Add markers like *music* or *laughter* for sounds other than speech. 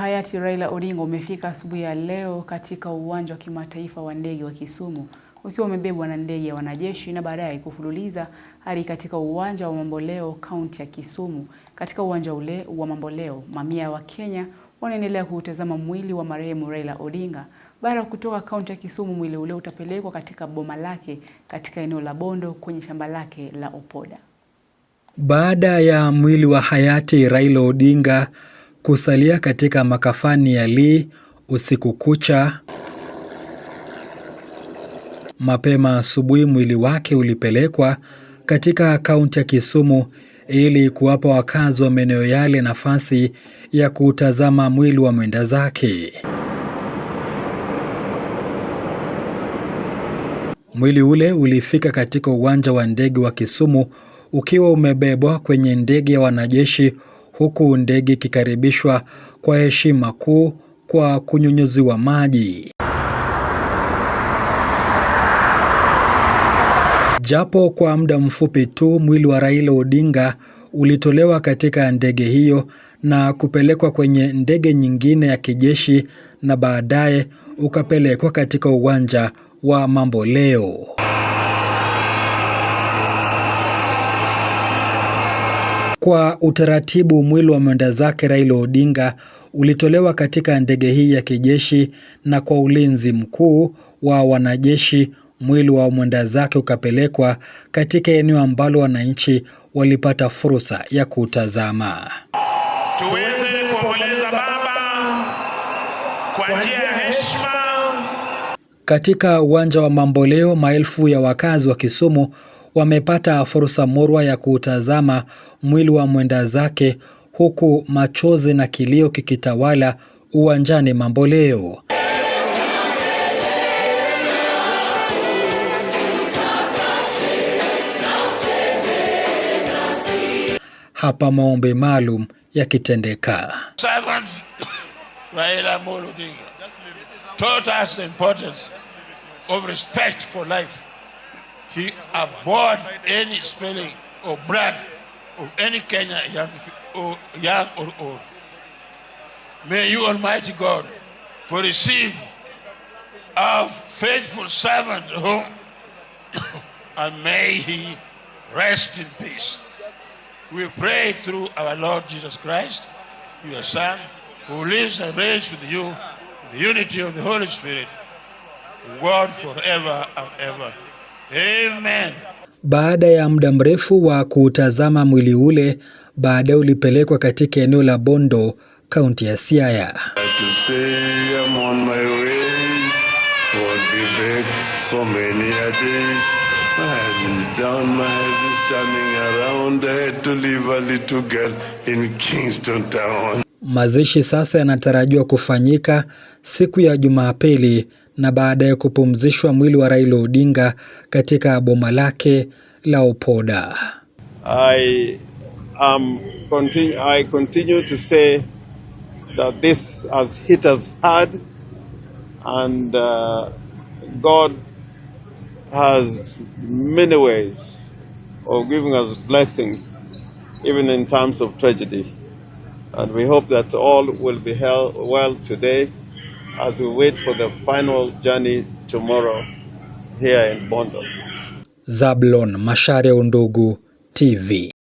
Hayati Raila Odinga umefika asubuhi ya leo katika uwanja wa kimataifa wa ndege wa Kisumu ukiwa umebebwa na ndege ya wanajeshi na baadaye kufululiza hadi katika uwanja wa Mamboleo kaunti ya Kisumu. Katika uwanja ule wa Mamboleo, mamia ya Wakenya wanaendelea kuutazama mwili wa marehemu Raila Odinga. Baada ya kutoka kaunti ya Kisumu, mwili ule utapelekwa katika boma lake katika eneo la Bondo kwenye shamba lake la Opoda. Baada ya mwili wa hayati Raila Odinga kusalia katika makafani ya Lee usiku kucha. Mapema asubuhi, mwili wake ulipelekwa katika kaunti ya Kisumu ili kuwapa wakazi wa maeneo yale nafasi ya kutazama mwili wa mwenda zake. Mwili ule ulifika katika uwanja wa ndege wa Kisumu ukiwa umebebwa kwenye ndege ya wanajeshi huku ndege ikikaribishwa kwa heshima kuu kwa kunyunyuziwa maji. Japo kwa muda mfupi tu, mwili wa Raila Odinga ulitolewa katika ndege hiyo na kupelekwa kwenye ndege nyingine ya kijeshi na baadaye ukapelekwa katika uwanja wa Mamboleo. Kwa utaratibu, mwili wa mwenda zake Raila Odinga ulitolewa katika ndege hii ya kijeshi, na kwa ulinzi mkuu wa wanajeshi, mwili wa mwenda zake ukapelekwa katika eneo ambalo wananchi walipata fursa ya kutazama. Tuweze kuomboleza baba kwa njia ya heshima. Katika uwanja wa Mamboleo, maelfu ya wakazi wa Kisumu wamepata fursa murwa ya kuutazama mwili wa mwenda zake huku machozi na kilio kikitawala uwanjani Mamboleo. Hapa maombi maalum yakitendeka. He abhorred any spelling or brand of any Kenyan young or, young or old. May you, Almighty God, for receive our faithful servant whom *coughs* and may he rest in peace. We pray through our Lord Jesus Christ, your Son, who lives and reigns with you in the unity of the Holy Spirit, God forever and ever. Amen. Baada ya muda mrefu wa kuutazama mwili ule, baadaye ulipelekwa katika eneo la Bondo, kaunti ya Siaya. Mazishi sasa yanatarajiwa kufanyika siku ya Jumapili na baadaye kupumzishwa mwili wa Raila Odinga katika boma lake la Opoda. I am um, continue, I continue to say that this has hit us hard and uh, God has many ways of giving us blessings even in times of tragedy and we hope that all will be held well today as we wait for the final journey tomorrow here in Bondo. Zablon mashare Undugu TV.